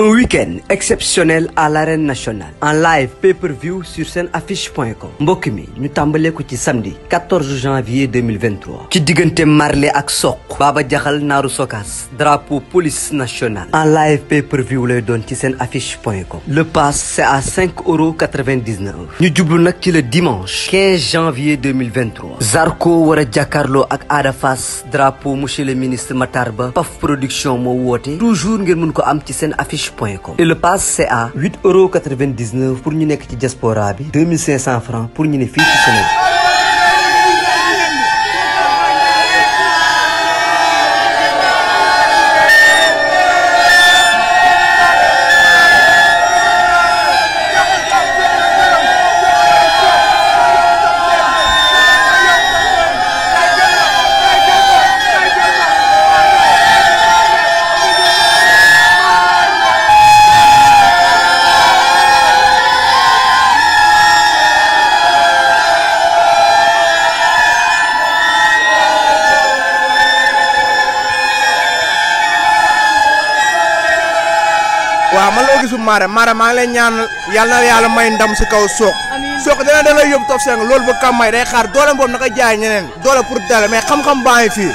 Un week-end exceptionnel à l'arène nationale en live pay-per-view sur seen affiche.com mbokk mi ñu tàmbalee ci samedi 14 janvier 2023 ci diggante Marley ak Sokh Baba Jaxal Naaru Sokaas drapeau police nationale en live pay-per-view lay doon ci seen affiche.com le pass c'est à 5 euros 99 ñu jublu nag ci le dimanche 15 janvier 2023 Zarko war a jàkkaarloo ak Ada Fass drapeau monsieur le ministre Matar Ba Paf production moo woote toujours ngeen mun ko am ci seen affiche orange.com et le pass c'est à 8 euros 99 pour ñu nekk ci diaspora bi 2500 francs ne fii ci Mara Mara maa ngi lay ñaanal yàlla na yàlla may ndam si kaw Sokh. Sokh dana dana yóbbu toog seen loolu bu kam may day xaar doole boobu na ko jaay ñeneen. doole pour dale mais xam-xam baa ngi fii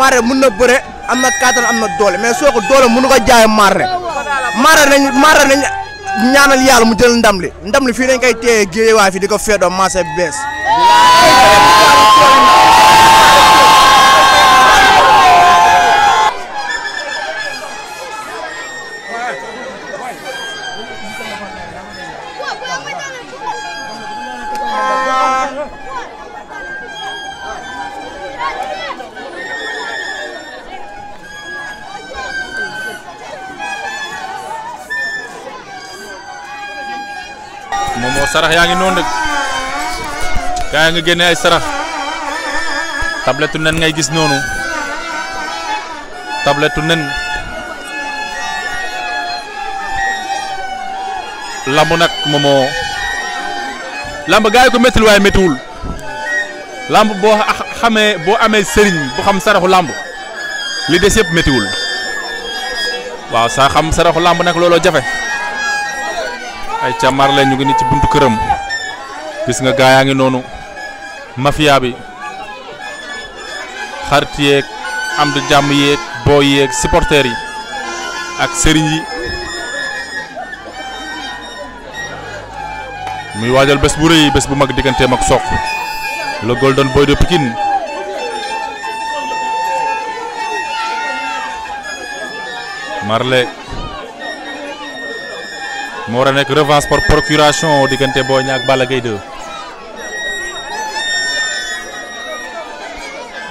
Mara mun na bëre am na kàttan am na doole mais Sokh doole mënu ko jaay Mara Mara nañ Mara nañ ñaanal yàlla mu ndam li ndam li fii dañ koy téye géewaay di ko feddoo marché bees. sarax yaa ngi noonu rek gaa yaa ngi génne ay sarax tabletu nen ngay gis noonu tabletu nen lamb nag moomoo lamb gaa yi ko méttiwul waaye méttiwul lamb boo xamee boo amee sëriñ bu xam saraxu làmb li des yëpp méttiwul waaw saa xam saraxu lamb nag looloo jafe. ay ca Marley ñu ngi ni ci buntu këram gis nga gaa yaa ngi noonu mafia bi xarit yeeg am jàmm yeeg boo yeeg supporters yi ak sëriñ yi muy waajal bés bu rëy bés bu mag digganteem ak Sokh le golden boy de Pikine Marley moo war nekk revanche par procuration diggante boo Niang bala Balla Gaye 2.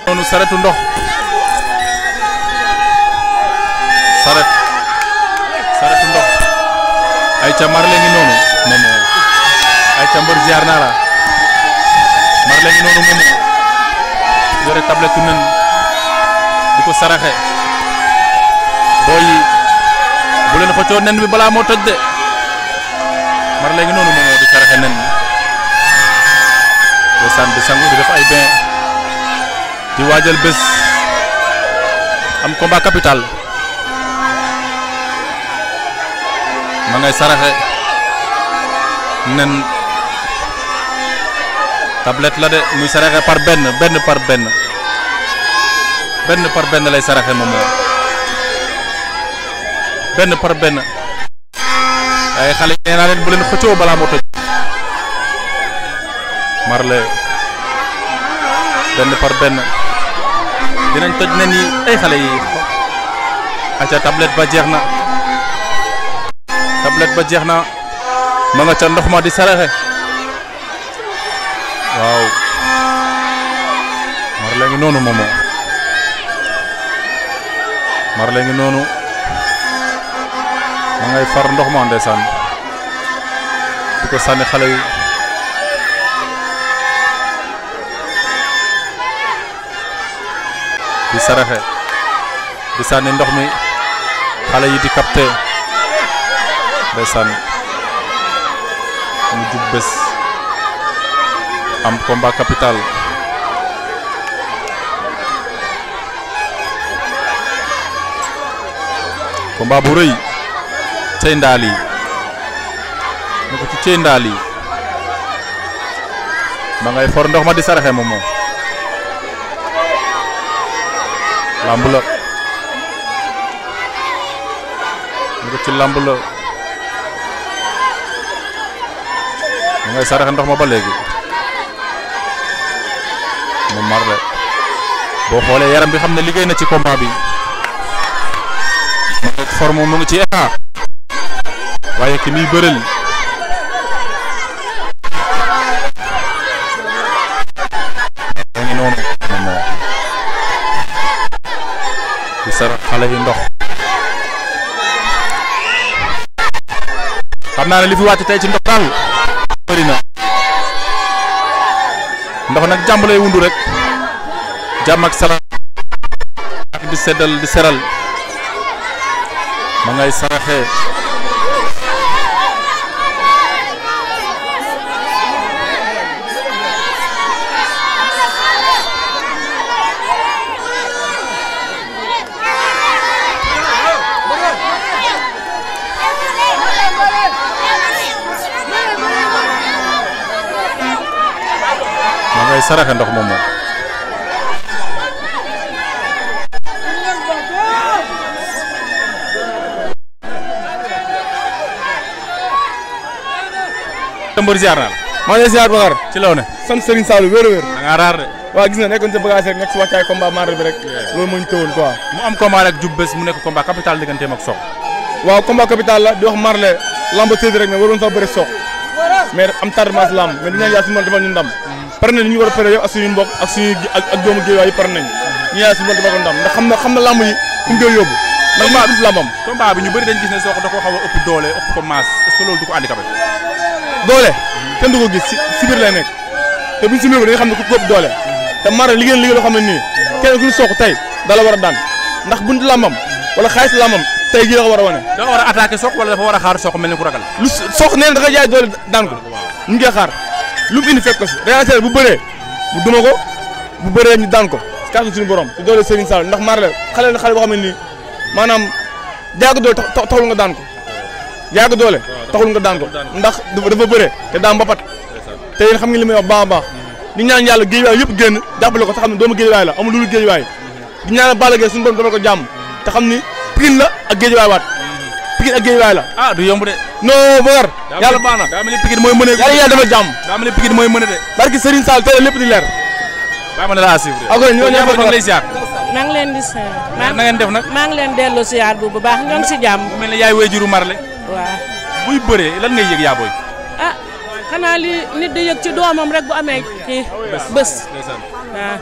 noonu saretu ndox saret saretu ndox ay ca marle ngi noonu moom ay ca mbër naa la marle ngi noonu moom yore tablette nen di ko saraxe booy yi bu leen xëccoo nen bi balaa moo toj de léegi noonu moom di saraxe nen ñi ndeysaan di sangu di def ay bain di waajal bés am combat capital ma ngay saraxe nen tablette la de muy saraxe par benn benn par benn benn par benn lay saraxe moom benn par benn waaye xale yi nee leen bu leen xëccoo balaa moto Marley benn par benn dinañ toj nen yi ay xale yi aca tablette ba jeex na tablette ba jeex na ma nga ca ndox ma di saraxe waaw Marley ngi noonu moomoo Marley ngi noonu ma ngay far ndox ma ndeysaan di ko sànni xale yi di saraxe di sànni ndox mi xale yi di capté ndeysaan mu jub bés am combat capital combat bu rëy cey ndaal yi ne ko ci cey ndaal yi ma ngay for ndox ma di saraxe moom moom làmb la ne ko ci làmb la ma ngay saraxe ndox ma ba léegi mu mar de boo xoolee yaram bi xam ne liggéey na ci combat bi forme mu ngi ci état waaye ki muy bërël ci sarax xale yi ndox xam naa ne li fi wàcc tey ci ndox daal bëri na ndox nag jàmm lay wundu rek jàmm ak salaam di seddal di seral ma saraxee saraxe ndox moom moom tëmbër ziar naa la maa ngi ci law ne sant wér a wér da de waaw gis na nekkoon sa bagage rek nekk si wàccaay combat rek loolu moo ñu tëwoon quoi mu am combat rek jub mu nekk combat capital digganteem ak Sokh waaw combat capital la di wax marle lamba séedi rek mais waroon sax bëri Sokh mais am tardement si lamb mais di ñaan yàlla su ma defal ñu pare nañ li ñu war a pare yow ak suñu ndax xam na xam na làmb yi fu mu ndax maa dund làmbam combat bi ñu bëri dañ gis ne Sokh da ko xaw a ëpp doole ko maas est-ce que du ko handicapé doole kenn du ko gis si biir lay nekk te buñu si biir ko dañuy xam ne ku ko ëpp doole te mara liggéey liggéey xam ne nii kenn ku ñu war a daan ndax bunt làmbam la ko war a wane da war a attaqué Sokh wala dafa war a xaar Sokh mel ni ku ragal lu Sokh nee jaay doole daan ko ñu ngi xaar lu mu indi fekk ko si réalisateur bu bëree mu duma ko bu bëree ni daan ko si kàddu suñu borom si doole Serigne Sall ndax Marley xale la xale boo xam ne nii maanaam yàgg doole taxul nga daan ko yàgg doole taxul nga daan ko ndax dafa bëree te daan mbapat te yéen xam nga li may wax baax a baax di ñaan yàlla géejuwaay yëpp génn jàppale ko te xam ne doomu géejuwaay la amul lu dul géejuwaay di ñaan Balla Gaye suñu borom dafa ko jàmm te xam ni Pikine la ak géejuwaay Pikine ak ah, du yomb de. non Bogar. yàlla baax na daa mooy mën a. yàlla yàlla dafa jàmm. daa mel ni Pikine mooy mën a barki Serigne Sall tey lépp di leer. bàyyi laa suivre. ok ñoo ñëw ñu ngi lay di ziar. maa na maa ngi leen dellu ziar bu baax ñoo ngi si jàmm. bu mel ne yaay wéjuru buy bëree lan ngay yëg yaa booy. a ah, xanaa li nit di yëg ci doomam rek bu amee kii bés. waaw.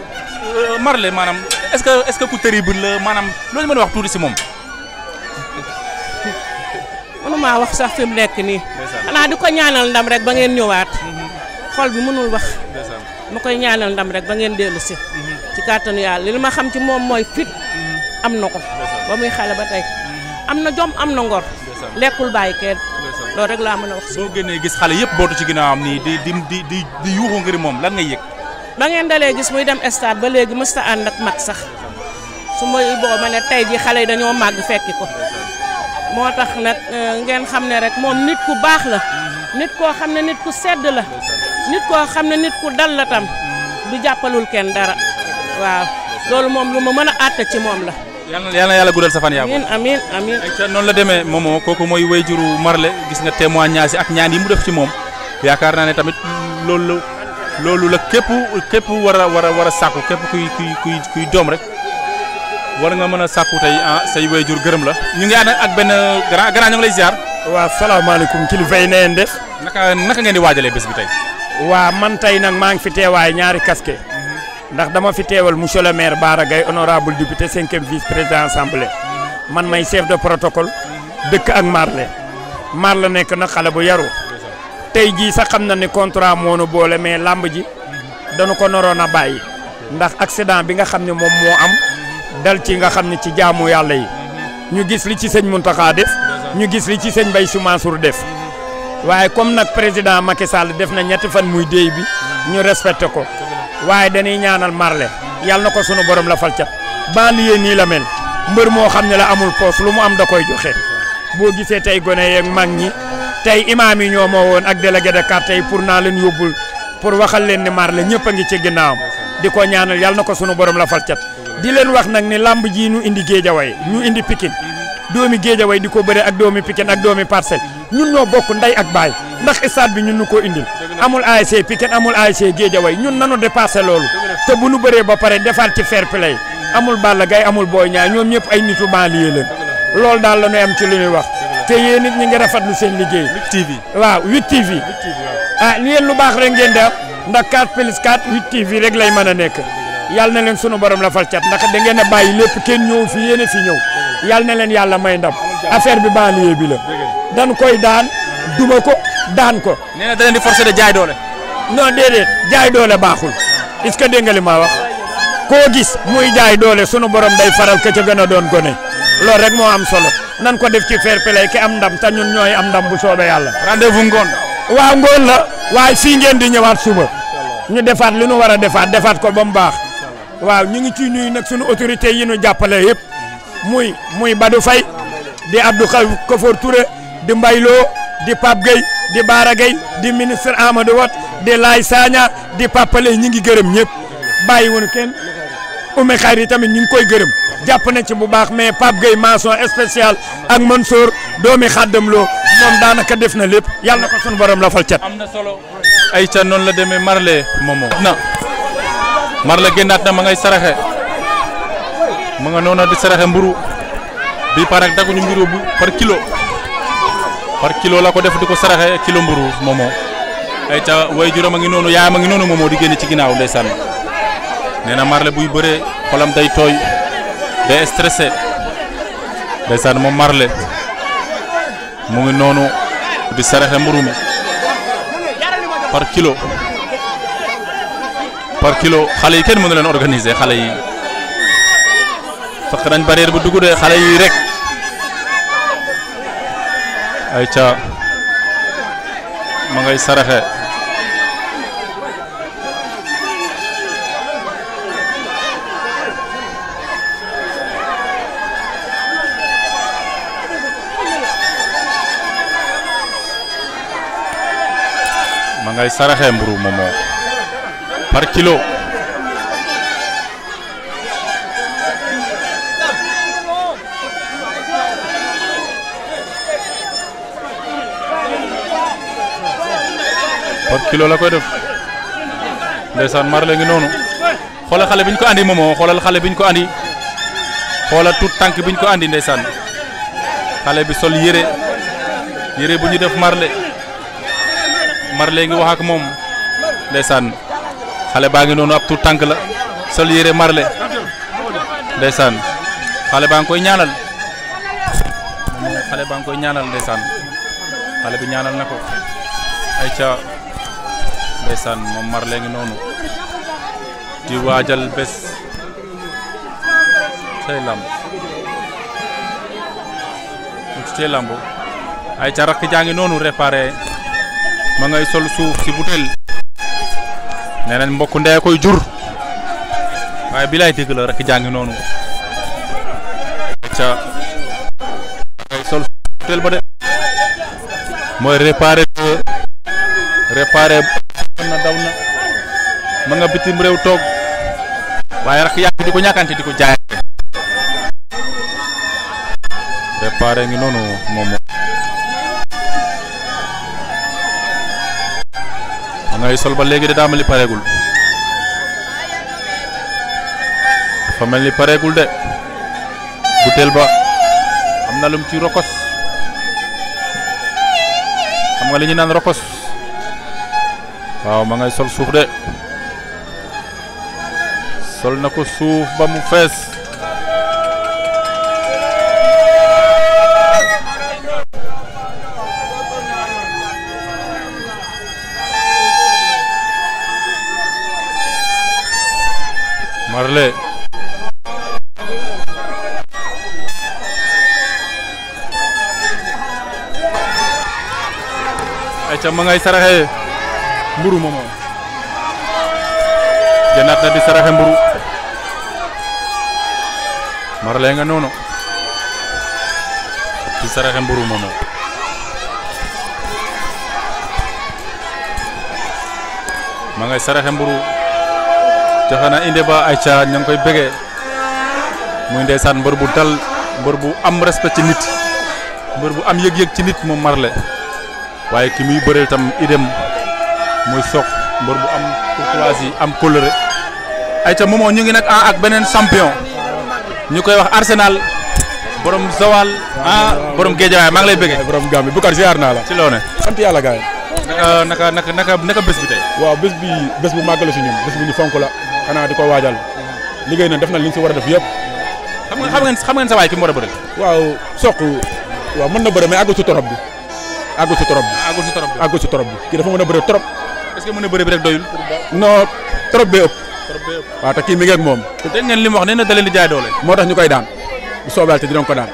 Euh, Marley maanaam est-ce que est-ce que la maanaam loolu mën a wax tuuti si moom mënu maa wax sax fi mu nekk nii. xanaa di ko ñaanal ndam rek ba ngeen ñëwaat. xol bi mënul wax. ma koy ñaanal ndam rek ba ngeen dellu si. Mhm. ci kàttanu yàlla ma xam ci moom mooy fit. Mhm. am na ko. ba muy xale ba tey. Mhm. am na jom am na ngor. lekkul bàyyi kenn. loolu rek laa mën a wax. soo génnee gis xale yëpp bootu ci ginnaawam nii di di di di yuuxu ngir moom lan ngay yëg. ba ngeen dalee gis muy dem stade ba léegi mësta ànd ak mag sax su ma boo ma ne tey ji xale yi dañoo màgg fekki ko. moo tax nag euh, ngeen xam ne rek moom nit ku baax la nit koo xam ne nit ku sedd la nit koo xam ne nit ku dal la tam du jàppalul kenn dara waaw loolu moom lu ma mën a àtt ci moom la yàlla na yàlla guddal sa fan yaa amiin amiin amiin ca noonu la demee moomoo kooku mooy wayjuru Marley gis nga témoignage ak ñaan yi mu def ci moom yaakaar naa ne tamit loolu la loolu la képp képp war a war a war a sàkku képp kuy kuy kuy kuy doom rek war nga mën a sàkku tey ah, say wayjur gërëm la ñu ngi ànd ak benn grand lay ziar. waaw salaamaaleykum kilifa yi na ngeen naka ngeen di waajalee bés bi tey. waa man tey nag maa ngi fi teewaay ñaari casque mhm. ndax dama fi teewal monsieur le maire Bara Gaye honorable député cinquième vice président assemblée mhm. man may chef de protocole mhm. dëkk ak Marle Marle nekk na xale bu yaru tey jii sax xam na ne contrat moo nu boole mais làmb ji dañu ko noroon a bàyyi ndax accident bi nga xam ne moom moo am. dal ci nga xam ne ci jaamu yàlla yi ñu gis li ci sëñ Mountakha def ñu gis li ci sëñ Baye Sy Mansour def waaye comme nag président Macky Sall def na ñetti fan muy déy bi ñu respecté ko waaye dañuy ñaanal Marley yàll na ko sunu borom la fal cat banlieue yéen la mel mbër moo xam ne la amul poos lu mu am da koy joxe boo gisee tey gone yeeg mag ñi tey imaam yi ñoo moo woon ak délégué de quartier yi pour naa leen yóbbul pour waxal leen ni Marley ñëpp a ngi ci ginnaawam di ko ñaanal yàlla na ko sunu borom la fal di leen wax nag ne làmb ji ñu indi géejawaay ñu indi Pikine doomi géejawaay di ko bëre ak doomi Pikine ak doomi Parcelles ñun ñoo bokk nday ak baay ndax stade bi ñun ñu ko indi amul ASC Pikine amul ASC Guédiawaye ñun nanu dépassé loolu te bu nu bëree ba pare defaat ci fair play amul la gay amul Boy ñaa ñoom ñëpp ay nitu banlieue lañ loolu daal la ñuy am ci li wax te yéen it ñi ngi rafetlu seen liggéey. 8TV waaw 8TV. ah yéen lu baax rek ngeen di am ndax 4 plus rek lay mën a nekk. yàlla na leen sunu borom la fal cat ndax da ngeen a bàyyi lépp kenn ñëw fi yéen a fi ñëw na leen yàlla may ndam affaire bi banlieue bi la dan koy daan duma ko daan ko. nee na da leen di forcer de jaay doole. non déedéet jaay doole baaxul est-ce que dégg nga li ma wax koo gis muy jaay doole sunu borom day faral ka ca gën a doon gone loolu rek moo am solo nan ko def ci fair play ki am ndam te ñun ñooy am ndam bu soobee yàlla. rendez-vous ngoon. waaw ngoon la waaye fii ngeen di ñëwaat suba ñu defaat li war a defaat defaat ko ba mu baax. waaw ñu ngi ci nuyu nag sunu autorité yi ñu jàppale yëpp muy muy Badou Faye di Abdou Kafour Touré di Mbayloo di Pape Gueye di Baara Gueye di ministre Amadou Wat di Laay Sagna di Papale ñi ngi gërëm ñëpp bàyyi woon kenn Oumy Khayri tamit ñu ngi koy gërëm jàpp na ci bu baax mais Pape Gueye mention spéciale ak Mansour doomi xàddam loo moom daanaka def na lépp yàlla na ko sunu borom la fal cat. am na solo. ay ca noonu la demee Marley Momo. na. mar génnaat na ma ngay saraxe ma nga noona di saraxe mburu bi par ak daguñu mburu bu par kilo par kilo la ko def di saraxe kilo mburu moomoo ay ca way juróom a ngi noonu yaayam a ngi noonu moomoo di génn ci ginnaaw ndeysaan nee na Marley buy bëree xolam day tooy day stressé ndeysaan moom marle mu ngi noonu di saraxe mburu mi par kilo par kilo xale yi kenn mënu leen organiser xale yi fekk nañ barrière bu dugg de xale yi rek ay ca ma ngay saraxe ma ngay saraxe mburu moomoo par kilo par kilo la koy def ndeysaan marle ngi noonu xoolal xale bi ñu ko andi moomoo xoolal xale bi ñu ko andi xoolal tout tànk bi ñu ko andi ndeysaan xale bi sol yére yére bu ñu def marle marle ngi wax ak moom ndeysaan xale baa ngi noonu ab tur tànk la sol yére marle ndeysaan xale baa ngi koy ñaanal xale baa ngi koy ñaanal xale bi ñaanal na ko ay ca ndeysaan moom marle ngi noonu di waajal bés tey làmb tey làmb ay ca rakk jaa ngi noonu réparé ma ngay sol suuf si butel nee nañ mbokk ndee koy jur waaye bi lay dégg la rek jàngi noonu ca sol teel ba de mooy réparé réparé na nga bitim réew toog waaye rek yàgg di ko ñàkkante di ko jaayante réparé ngi noonu moom ma ngay sol ba léegi de daa mel pareegul dafa mel ni pareegul de butéel ba am na lum ci rokos xam nga li ñu naan rokos waaw ma ngay sol suuf de sol na ko suuf ba mu fees Marley ay ca ma ngay saraxe mburu ma moom janaat di saraxe mburu Marley nga noonu di saraxe mburu ma moom ma saraxe mburu joxe na inde ba Aïcha ña ngi koy bëggee muy ndeysaan mbër bu dal mbër bu am respect ci nit mbër bu am yëg-yëg ci nit moom Marley waaye ki muy bëreel tam idem muy sox mbër bu am courtoisie yi am coloré Aïcha moomoo ñu ngi nag ah ak beneen champion ñu koy wax Arsenal borom Zawal ah borom Géejawaay maa ngi lay bëggee. borom Gambie Boucar ziar naa la. ci loo ne. sant yàlla gars yi. naka naka naka naka waaw bés bi bés bu màgg la si ñun bés xanaa di ko waajal. liggéey na def na li ñu si war a def yëpp. xam nga xam ngeen xam ngeen sa waaw soq. waaw mën na bëri mais àggul si torop bi. àggul si torop bi ah, si torop bi àggul si torop bi. kii dafa mën na bëri bi rek doyul. non trop bee ëpp. trop bee ëpp waaw te kii mi ngi moom. dégg ngeen li mu wax nee na da di jaay doole. moo tax ñu koy daan bu soobee te dinañ ko daan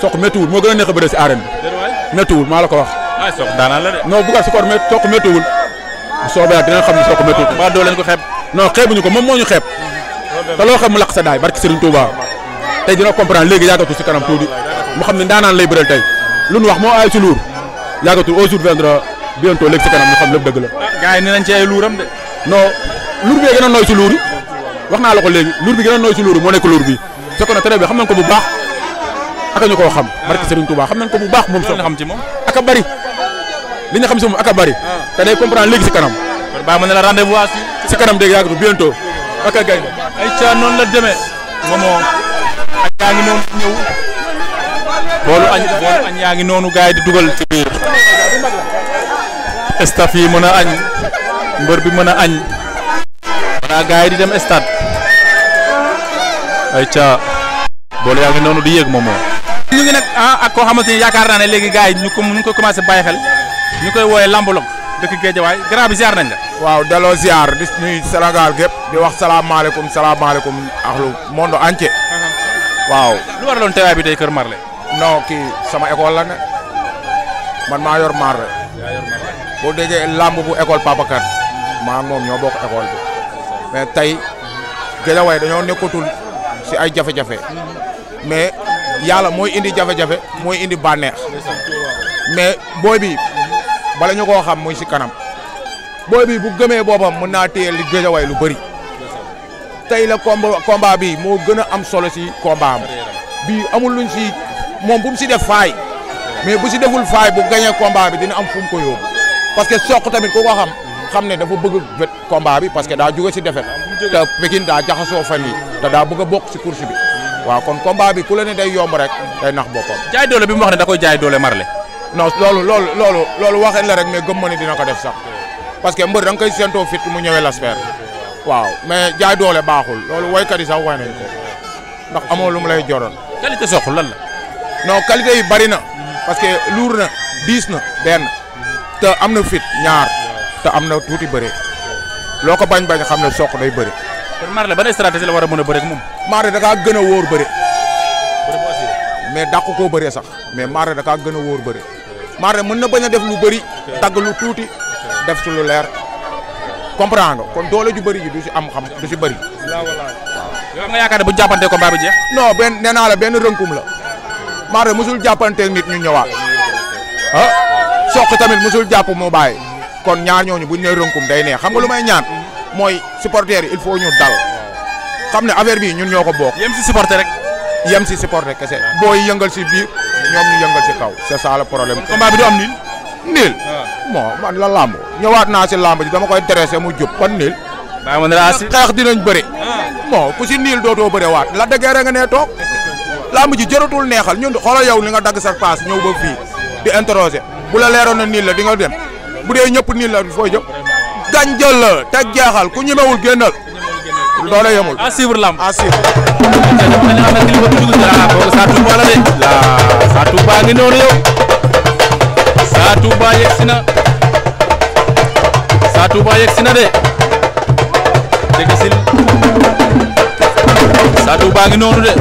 soq méttiwul moo gën a neex a bëri si arène bi. méttiwul maa la ko wax. ay soq la de. non bu ko si kor soq méttiwul bu soobee dina xam ne soq méttiwul. waaw doo leen ko non xeebuñu ko moom moo xeeb te loo mu laq sa daay barki Serigne Touba tey dina comprendre léegi yàggatu si kanam tuuti mu xam ne ndaanaan lay bëreel tey lu nu wax moo aay si luur yàggatu au jour viendra bientôt léegi si kanam ñu xam lépp dëgg la. Ah, luur bi a nooy si luur yi wax naa la ko léegi luur bi gën a nooy si luur moo nekk luur bi soo na très bien xam nañ ko bu baax aka ñu koo xam. barki Serigne Touba xam nañ ko bu baax moom. soo xam ci moom aka bari li ñu xam si moom aka bari. Ah. te day comprendre léegi si kanam. sa kanam dégg bu bientôt ak gay ay ca noonu la demee moomoo añ yaa ngi noonu ñëw boolu añ yaa ngi noonu gars yi di dugal ci biir staff yi mën a añ mbër bi mën a añ wala gars yi di dem stade ay ca boolu yaa ngi noonu di yéeg moomoo ñu ngi nag ah, ak koo xamante ni yaakaar naa ne léegi gars yi ñu ko ñu ko commencé bàyyi xel ñu koy wooyee lamb dëkk Géejawaay grand bi ziar nañ la. waaw daloo ziar di nuyu gépp di wax salaamaaleykum salaamaaleykum axlu monde entier. Uh-huh. waaw. lu waraloon teewaay bi tey Kër Marley. non kii sama école la ne man maa yor Marley. yaa boo déggee làmb bu école Papakan. maa moom ñoo bokk école bi. mais tey Géejawaay dañoo nekkatul si ay jafe-jafe. Uh-huh. mais yàlla mooy indi jafe-jafe. mooy indi bànneex. mais booy bi. bala ñu koo xam muy si kanam booy bu gëmee boppam mën naa téye li géejawaay lu bëri tey la combat combat bi moo gën a am solo si combat am bii amul luñ si moom bu mu si def faay mais bu si deful faay bu gañee combat bi dina am fu ko yóbbu parce que soq tamit ku ko xam xam ne dafa bëgg bet combat bi parce que daa jóge si defet te Pikine daa jaxasoo fan yi te daa bëgg bokk si course bi waaw kon combat bi ku la ne day yomb rek day nax boppam. jaay doole bi mu wax ne da koy jaay doole Marley. non loolu loolu loolu loolu waxeen la rek mais gëm ma ne ko def sax parce que mbër da nga koy séentoo fit mu ñëwee l'asper waaw mais jaay baaxul loolu woykat yi sax way ndax amoo lu mu joroon. qualité soxla lan non qualité yi bari na. parce que luur na diis na benn. te am na fit ñaar. te am na tuuti bëre. loo ko bañ bañ xam ne soq day bëri. kon Marley ban stratégie la war a mën a bëri ak moom. Marley da kaa gën a wóor bëri. mais dàq koo bëree sax mais Marley da kaa gën a wóor bëri. maanaam mën na bañ a def lu bëri tagg lu tuuti def ci lu leer comprendre kon doole ju bëri ji du si am xam du si bëri. waaw yaakaar ne bu ñu jàppante combat bi jeex. benn naa la benn rënkum la maanaam mosul jàppanteeg nit ñu ñëwaat ah soq tamit mosul jàpp mu bàyyi kon ñaar ñooñu buñ nee rënkum day neex xam nga lu may ñaan mooy supporters yi il faut ñu dal xam ne affaire bi ñun ñoo ko bokk. yem si rek. yem si supporter kese booy yëngal si biir. ñoom ñu yëngal si kaw c'est ça le problème. combat bi du niil. niil. Ah. bon man la làmb waat naa si làmb ji dama koy dressé mu jub kon niil. bàyyi ma dara si xeex dinañ bëri. Ah. bon ku si niil dootoo bëre waat la dëggeere nga nee toog. làmb ji jëratul neexal ñun xoolal yow li nga dagg sa paas ñëw ba fii di interroger bu la leeroon na niil la di nga dem bu dee ñëpp niil la foo jëm. gañ jël la teg jeexal ku ñemewul génnal. doole yemul. à suivre làmb à suivre. ngi noonu yow Sa Touba yegsi de dégg nga sil Sa ngi noonu de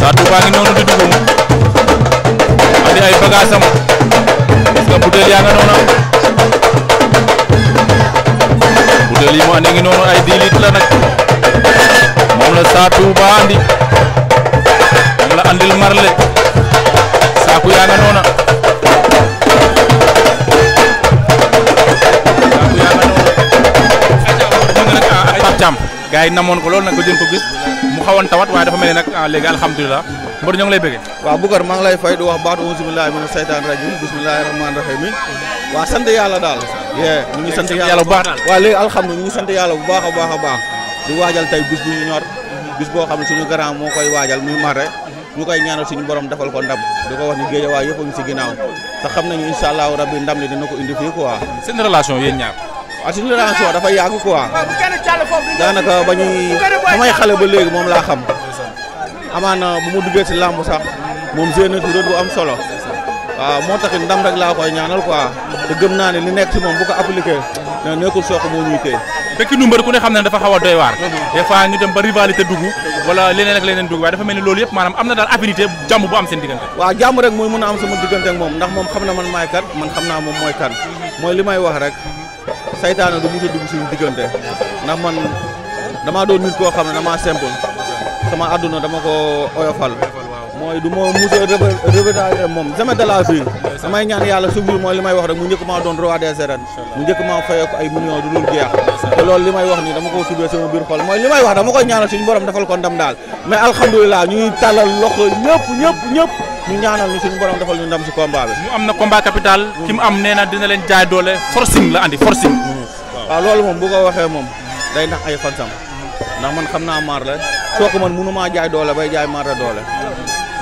Sa Touba ngi noonu di dugg andi ay bagaasam parce nga noonu butéel yi mu ngi noonu ay 10 la nag moom la Sa Touba andi. andil marle saaku yaa nga noona saaku yaa nga noona Pape Thiam gars namoon ko loolu nag ko jën ko gis mu xawoon tawat waaye dafa mel ni nag ah, léegi alhamdulilah mbër ñoo ngi lay bëgge waaw Boucar maa ngi lay fay du wax baatu auzu billahi mina seytaan rajim bismillahi rahmaani rahim waa sant yàlla daal yee ñu ngi sant yàlla bu baax daal waaw ñu ngi sant yàlla bu baax a baax a waajal tey bis bu ñu bis boo xam si suñu grand moo koy waajal muy mare ñu koy ñaanal suñu borom defal ko ndam di ko wax ni géejawaay yëpp a ngi si ginnaaw te xam nañu incha allahu rabbi ndam li dina ko indi fii quoi. seen relation yéen ñaar. waaw ah, suñu relation dafa yàgg quoi daanaka ba ñuy ba may xale ba léegi moom laa xam amaana bu mu duggee si làmb sax moom génn ci rôle bu am solo waaw moo taxit ndam rek laa koy ñaanal quoi te gëm naa ne li nekk si moom bu ko appliqué na nekkul ko moo ñuy téye. dëkk nu mbër ku ne xam ne dafa xaw a doy waar des fois dem bari rivalité dugg wala leneen ak leneen dugg waaye dafa mel ni loolu yëpp maanaam am na daal affinité jàmm bu am seen diggante waaw jàmm rek mooy mën a am sama diggante ak moom ndax moom xam na man maay kan man xam naa moom mooy kan mooy li may wax rek saytaane du mos a dugg suñu diggante ndax man damaa doon nit koo xam ne damaa simple sama àdduna dama ko oyofal mooy du ma a revenir moom jamais de la vie samay ñaan yàlla subir mooy li may wax rek mu njëkk maa doon roi des arènes mu njëkk maa fayee ay millions du dul jeex te loolu li may wax nii dama ko subee sama biir xol mooy li may wax dama koy ñaanal suñu borom defal ko ndam daal mais alhamdulilah ñuy tàllal loxo ñëpp ñëpp ñëpp ñu ñaanal ñu suñu borom defal ñu ndam si combat bi. am na combat capital. ki mu am nee na dina leen jaay doole forcing la andi forcing. waaw mm. ah, loolu moom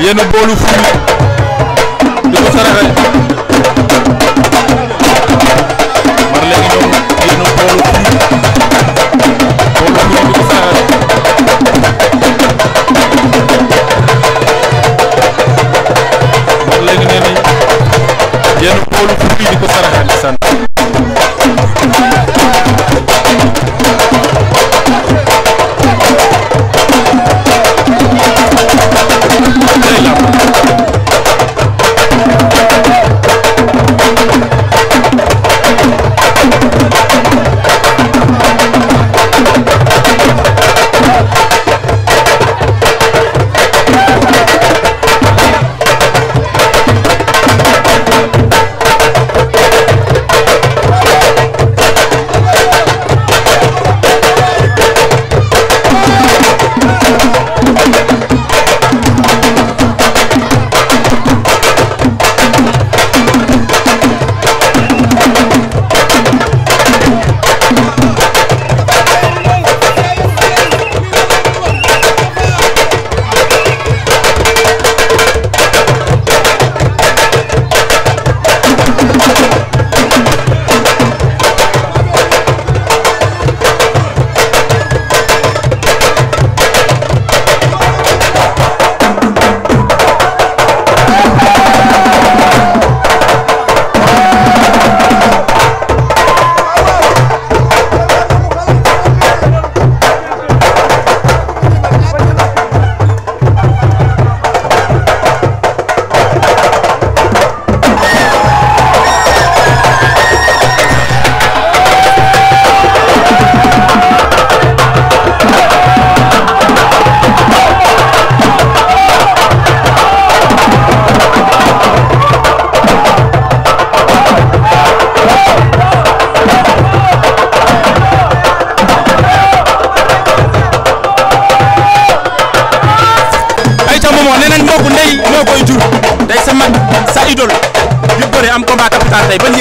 yenn boolu ful di ko saraxee Marley ngi noonu yenn boolu boolu ful di ko saraxee Marley ngi nee nañ yenn boolu ful di ko saraxee di sant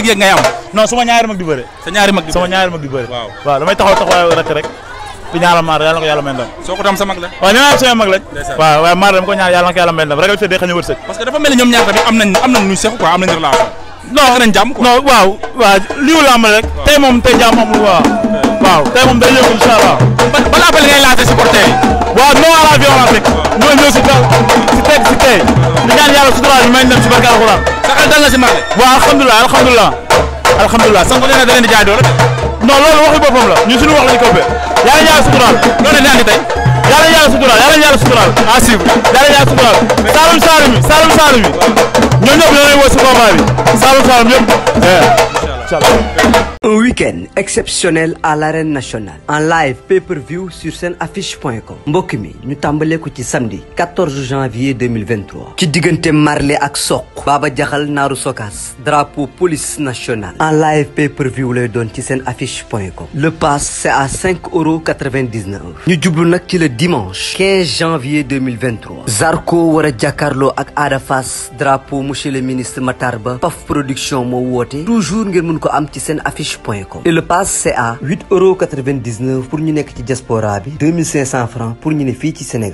yëg-yëg ngay am non sama ñaari mag di bëre sa ñaari mag di di bëre waaw waaw damay taxaw taxawaay rek rek di ñaanal maar yàlla na ko la waaw ñoom sama mag lañ ko ñaan yàlla na ko yàlla may ndam ragal tëddee xañu dafa mel ni ñoom ñaar tamit am nañ am nañ nuy seq quoi am nañ relation non la rek tey moom tey jàmm amul waaw waaw tey moom day yëngu incha allah. ban ban appel ngay lancé supporter yi. waaw non à la violence rek. ñoo ñëw si kaw si teg si tey. di ñaan yàlla suturaal ñu may dem si barke alxuraan. sa xel dal na si Marley. waaw alhamdulilah alhamdulilah. alhamdulilah sànq nee na da ngeen di jaay doole. non loolu waxi boppam la ñun suñu wax lañu ko bé. yàlla yàlla suturaal. loolu la ñu andi tey. yàlla yàlla suturaal yàlla yàlla suturaal. à suivre yàlla yàlla suturaal. Saalum Saalum yi Saalum Saalum yi. ñoom ñëpp ñoo lay woo si combat bi Saalum Saalum yëpp eh. Inch'Allah. Un week-end exceptionnel à l'arène nationale en live pay-per-view sur seen affiche.com mbokk mi ñu tàmbalee ko ci samedi 14 janvier 2023 ci diggante Marley ak Sokh Baba Jaxal Naaru Sokaas drapeau police nationale en live pay-per-view lay doon ci seen affiche.com le pass c'est à 5 euros 99 ñu jublu nag ci le dimanche 15 janvier 2023 Zarko war a jàkkaarloo ak Ada Fass drapeau monsieur le ministre Matar Ba Paf production moo woote toujours ngeen mën ko am ci seen affiche point com et le pass CA 8 euros 99 pour ñu nekk ci diaspora bi 2500 francs pour ñu ne fii ci Sénégal